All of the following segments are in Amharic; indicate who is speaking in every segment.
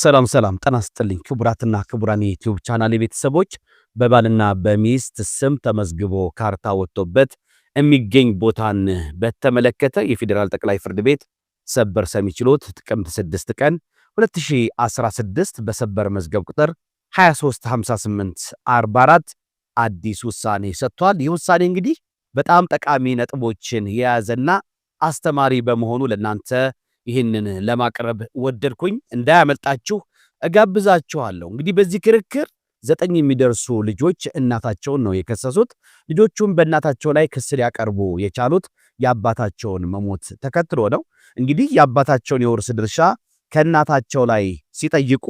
Speaker 1: ሰላም ሰላም ጤና ይስጥልኝ ክቡራትና ክቡራን የዩቲዩብ ቻናል ቤተሰቦች፣ በባልና በሚስት ስም ተመዝግቦ ካርታ ወጥቶበት የሚገኝ ቦታን በተመለከተ የፌዴራል ጠቅላይ ፍርድ ቤት ሰበር ሰሚ ችሎት ጥቅምት 6 ቀን 2016 በሰበር መዝገብ ቁጥር 235844 አዲስ ውሳኔ ሰጥቷል። ይህ ውሳኔ እንግዲህ በጣም ጠቃሚ ነጥቦችን የያዘና አስተማሪ በመሆኑ ለእናንተ ይህንን ለማቅረብ ወደድኩኝ። እንዳያመልጣችሁ እጋብዛችኋለሁ። እንግዲህ በዚህ ክርክር ዘጠኝ የሚደርሱ ልጆች እናታቸውን ነው የከሰሱት። ልጆቹም በእናታቸው ላይ ክስ ሊያቀርቡ የቻሉት የአባታቸውን መሞት ተከትሎ ነው። እንግዲህ የአባታቸውን የውርስ ድርሻ ከእናታቸው ላይ ሲጠይቁ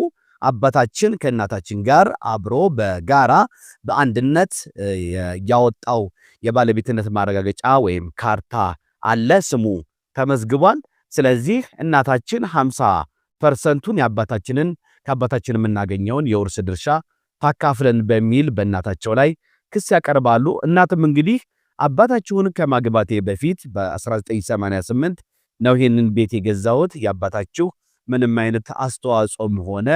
Speaker 1: አባታችን ከእናታችን ጋር አብሮ በጋራ በአንድነት ያወጣው የባለቤትነት ማረጋገጫ ወይም ካርታ አለ፣ ስሙ ተመዝግቧል። ስለዚህ እናታችን 50 ፐርሰንቱን የአባታችንን ከአባታችን የምናገኘውን የውርስ ድርሻ ታካፍለን በሚል በእናታቸው ላይ ክስ ያቀርባሉ። እናትም እንግዲህ አባታችሁን ከማግባቴ በፊት በ1988 ነው ይህንን ቤት የገዛሁት፣ የአባታችሁ ምንም አይነት አስተዋጽኦም ሆነ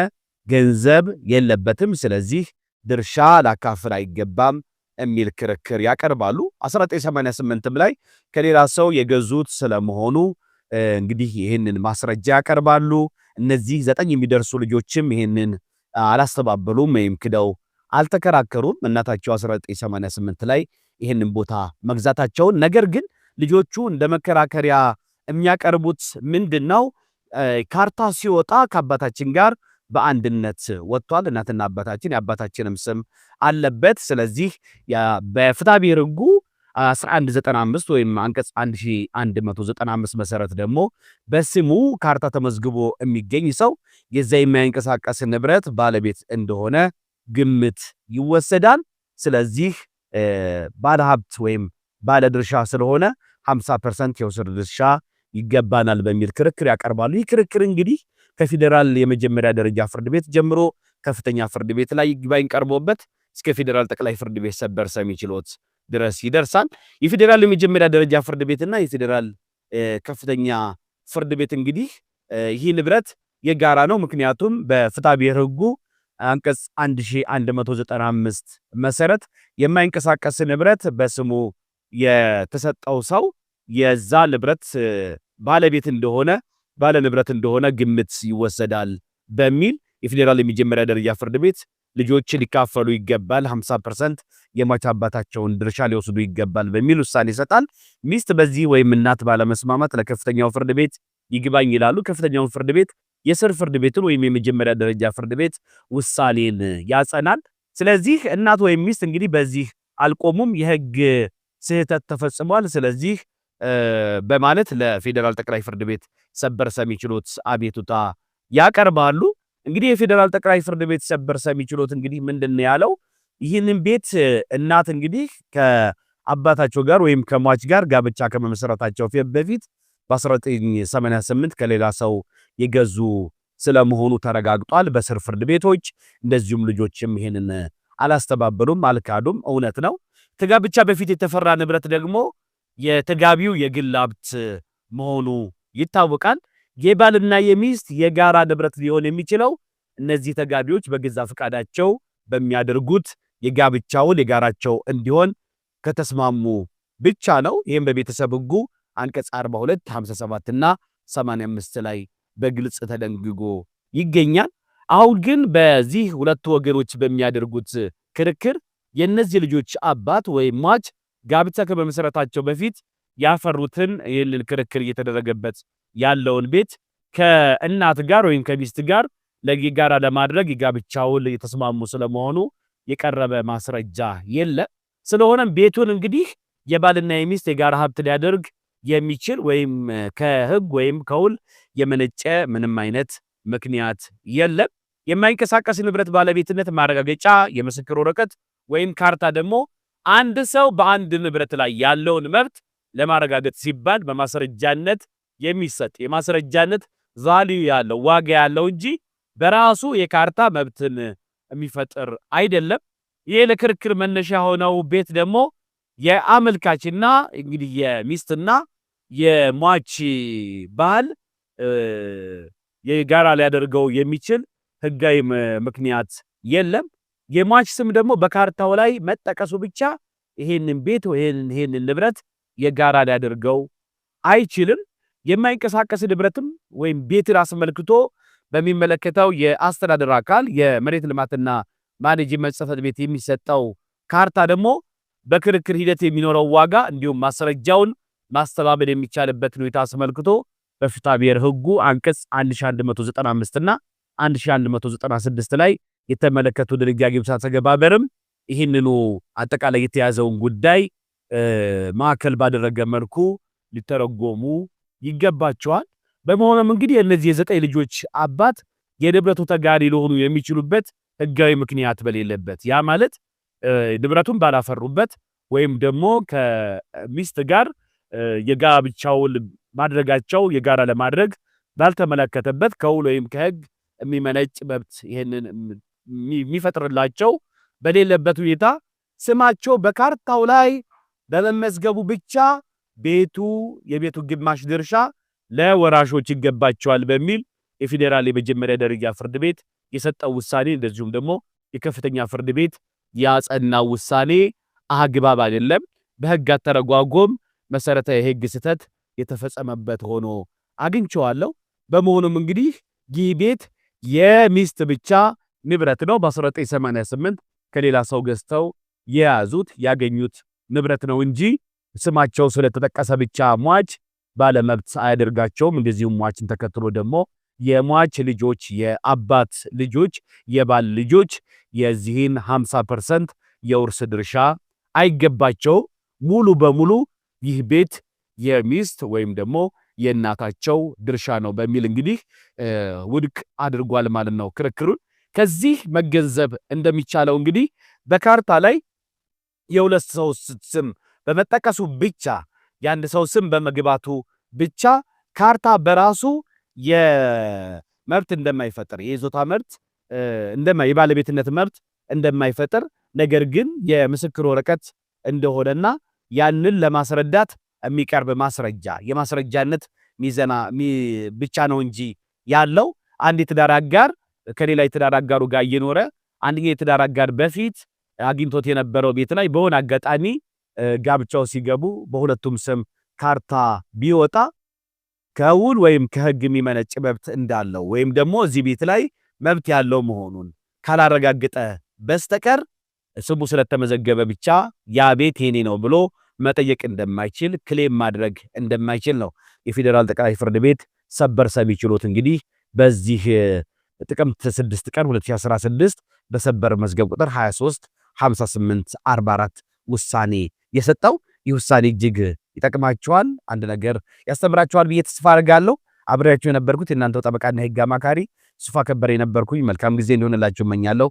Speaker 1: ገንዘብ የለበትም፣ ስለዚህ ድርሻ ላካፍል አይገባም የሚል ክርክር ያቀርባሉ። 1988ም ላይ ከሌላ ሰው የገዙት ስለመሆኑ እንግዲህ ይህንን ማስረጃ ያቀርባሉ። እነዚህ ዘጠኝ የሚደርሱ ልጆችም ይህንን አላስተባበሉም ወይም ክደው አልተከራከሩም። እናታቸው 1988 ላይ ይህንን ቦታ መግዛታቸውን ነገር ግን ልጆቹ እንደ መከራከሪያ የሚያቀርቡት ምንድን ነው? ካርታ ሲወጣ ከአባታችን ጋር በአንድነት ወጥቷል። እናትና አባታችን የአባታችንም ስም አለበት። ስለዚህ በፍትሐ ብሔር ሕጉ 1195 ወይም አንቀጽ 1195 መሰረት ደግሞ በስሙ ካርታ ተመዝግቦ የሚገኝ ሰው የዛ የማይንቀሳቀስ ንብረት ባለቤት እንደሆነ ግምት ይወሰዳል። ስለዚህ ባለሀብት ወይም ባለድርሻ ስለሆነ 50 ፐርሰንት የውስድ ድርሻ ይገባናል በሚል ክርክር ያቀርባሉ። ይህ ክርክር እንግዲህ ከፌዴራል የመጀመሪያ ደረጃ ፍርድ ቤት ጀምሮ ከፍተኛ ፍርድ ቤት ላይ ይግባኝ ቀርቦበት እስከ ፌዴራል ጠቅላይ ፍርድ ቤት ሰበር ሰሚ ችሎት ድረስ ይደርሳል። የፌዴራል የመጀመሪያ ደረጃ ፍርድ ቤትና የፌዴራል ከፍተኛ ፍርድ ቤት እንግዲህ ይህ ንብረት የጋራ ነው። ምክንያቱም በፍትሐ ብሔር ሕጉ አንቀጽ 1195 መሰረት የማይንቀሳቀስ ንብረት በስሙ የተሰጠው ሰው የዛ ንብረት ባለቤት እንደሆነ ባለ ንብረት እንደሆነ ግምት ይወሰዳል በሚል የፌዴራል የመጀመሪያ ደረጃ ፍርድ ቤት ልጆች ሊካፈሉ ይገባል፣ 50 ፐርሰንት የሟች አባታቸውን ድርሻ ሊወስዱ ይገባል በሚል ውሳኔ ይሰጣል። ሚስት በዚህ ወይም እናት ባለመስማማት ለከፍተኛው ፍርድ ቤት ይግባኝ ይላሉ። ከፍተኛውን ፍርድ ቤት የስር ፍርድ ቤትን ወይም የመጀመሪያ ደረጃ ፍርድ ቤት ውሳኔን ያጸናል። ስለዚህ እናት ወይም ሚስት እንግዲህ በዚህ አልቆሙም፣ የህግ ስህተት ተፈጽሟል። ስለዚህ በማለት ለፌዴራል ጠቅላይ ፍርድ ቤት ሰበር ሰሚ ችሎት አቤቱታ ያቀርባሉ። እንግዲህ የፌዴራል ጠቅላይ ፍርድ ቤት ሰበር ሰሚ ችሎት እንግዲህ ምንድን ያለው? ይህንን ቤት እናት እንግዲህ ከአባታቸው ጋር ወይም ከሟች ጋር ጋብቻ ከመመሰረታቸው በፊት በ1988 ከሌላ ሰው የገዙ ስለመሆኑ ተረጋግጧል። በስር ፍርድ ቤቶች እንደዚሁም ልጆችም ይህንን አላስተባበሉም፣ አልካዱም። እውነት ነው። ከጋብቻ በፊት የተፈራ ንብረት ደግሞ የተጋቢው የግል ሀብት መሆኑ ይታወቃል። የባልና የሚስት የጋራ ንብረት ሊሆን የሚችለው እነዚህ ተጋቢዎች በገዛ ፈቃዳቸው በሚያደርጉት የጋብቻውን የጋራቸው እንዲሆን ከተስማሙ ብቻ ነው። ይህም በቤተሰብ ሕጉ አንቀጽ 42፣ 57 እና 85 ላይ በግልጽ ተደንግጎ ይገኛል። አሁን ግን በዚህ ሁለቱ ወገኖች በሚያደርጉት ክርክር የእነዚህ ልጆች አባት ወይም ሟች ጋብቻ ከመመሰረታቸው በፊት ያፈሩትን ይህንን ክርክር እየተደረገበት ያለውን ቤት ከእናት ጋር ወይም ከሚስት ጋር ለጋራ ለማድረግ የጋብቻውን የተስማሙ ስለመሆኑ የቀረበ ማስረጃ የለ። ስለሆነም ቤቱን እንግዲህ የባልና የሚስት የጋራ ሀብት ሊያደርግ የሚችል ወይም ከህግ ወይም ከውል የመነጨ ምንም አይነት ምክንያት የለም። የማይንቀሳቀስ ንብረት ባለቤትነት ማረጋገጫ የምስክር ወረቀት ወይም ካርታ ደግሞ አንድ ሰው በአንድ ንብረት ላይ ያለውን መብት ለማረጋገጥ ሲባል በማስረጃነት የሚሰጥ የማስረጃነት ቫልዩ ያለው ዋጋ ያለው እንጂ በራሱ የካርታ መብትን የሚፈጥር አይደለም። ይሄ ለክርክር መነሻ የሆነው ቤት ደግሞ የአመልካችና እንግዲህ የሚስትና የሟች ባህል የጋራ ሊያደርገው የሚችል ህጋዊ ምክንያት የለም። የሟች ስም ደግሞ በካርታው ላይ መጠቀሱ ብቻ ይሄንን ቤት ይሄንን ንብረት የጋራ ሊያደርገው አይችልም። የማይንቀሳቀስ ንብረትም ወይም ቤትን አስመልክቶ በሚመለከተው የአስተዳደር አካል የመሬት ልማትና ማኔጅመንት ጽሕፈት ቤት የሚሰጠው ካርታ ደግሞ በክርክር ሂደት የሚኖረው ዋጋ እንዲሁም ማስረጃውን ማስተባበል የሚቻልበትን ሁኔታ አስመልክቶ ብሔር ሕጉ አንቀጽ 1195 እና 1196 ላይ የተመለከቱ ድንጋጌ ብቻ ተገባበርም ይህንኑ አጠቃላይ የተያዘውን ጉዳይ ማዕከል ባደረገ መልኩ ሊተረጎሙ ይገባቸዋል። በመሆኑም እንግዲህ የእነዚህ የዘጠኝ ልጆች አባት የንብረቱ ተጋሪ ሊሆኑ የሚችሉበት ህጋዊ ምክንያት በሌለበት ያ ማለት ንብረቱን ባላፈሩበት ወይም ደግሞ ከሚስት ጋር የጋብቻውን ማድረጋቸው የጋራ ለማድረግ ባልተመለከተበት ከውል ወይም ከህግ የሚመነጭ መብት ይህንን የሚፈጥርላቸው በሌለበት ሁኔታ ስማቸው በካርታው ላይ በመመዝገቡ ብቻ ቤቱ የቤቱ ግማሽ ድርሻ ለወራሾች ይገባቸዋል በሚል የፌዴራል የመጀመሪያ ደረጃ ፍርድ ቤት የሰጠው ውሳኔ እንደዚሁም ደግሞ የከፍተኛ ፍርድ ቤት ያጸናው ውሳኔ አግባብ አይደለም፣ በህግ አተረጓጎም መሰረታዊ የህግ ስህተት የተፈጸመበት ሆኖ አግኝቸዋለሁ በመሆኑም እንግዲህ ይህ ቤት የሚስት ብቻ ንብረት ነው። በ1988 ከሌላ ሰው ገዝተው የያዙት ያገኙት ንብረት ነው እንጂ ስማቸው ስለተጠቀሰ ብቻ ሟች ባለመብት አያደርጋቸውም። እንደዚሁም ሟችን ተከትሎ ደግሞ የሟች ልጆች የአባት ልጆች፣ የባል ልጆች የዚህን 50 ፐርሰንት የውርስ ድርሻ አይገባቸው። ሙሉ በሙሉ ይህ ቤት የሚስት ወይም ደግሞ የእናታቸው ድርሻ ነው በሚል እንግዲህ ውድቅ አድርጓል ማለት ነው ክርክሩን። ከዚህ መገንዘብ እንደሚቻለው እንግዲህ በካርታ ላይ የሁለት ሰው ስም በመጠቀሱ ብቻ የአንድ ሰው ስም በመግባቱ ብቻ ካርታ በራሱ የመብት እንደማይፈጥር የይዞታ መብት የባለቤትነት መብት እንደማይፈጥር ነገር ግን የምስክር ወረቀት እንደሆነና ያንን ለማስረዳት የሚቀርብ ማስረጃ የማስረጃነት ሚዘና ብቻ ነው እንጂ ያለው አንድ የትዳር አጋር ከሌላ የትዳር አጋሩ ጋር እየኖረ አንድ የትዳር አጋር በፊት አግኝቶት የነበረው ቤት ላይ በሆነ አጋጣሚ ጋብቻው ሲገቡ በሁለቱም ስም ካርታ ቢወጣ ከውል ወይም ከህግ የሚመነጭ መብት እንዳለው ወይም ደግሞ እዚህ ቤት ላይ መብት ያለው መሆኑን ካላረጋገጠ በስተቀር ስሙ ስለተመዘገበ ብቻ ያ ቤት የኔ ነው ብሎ መጠየቅ እንደማይችል ክሌም ማድረግ እንደማይችል ነው የፌዴራል ጠቅላይ ፍርድ ቤት ሰበር ሰሚ ችሎት እንግዲህ በዚህ ጥቅምት 6 ቀን 2016 በሰበር መዝገብ ቁጥር 23 58 44 ውሳኔ የሰጠው። ይህ ውሳኔ እጅግ ይጠቅማችኋል፣ አንድ ነገር ያስተምራችኋል ብዬ ተስፋ አድርጋለሁ። አብሬያችሁ የነበርኩት የእናንተው ጠበቃና የህግ አማካሪ ሱፋ ከበር የነበርኩኝ። መልካም ጊዜ እንደሆነላችሁ እመኛለሁ።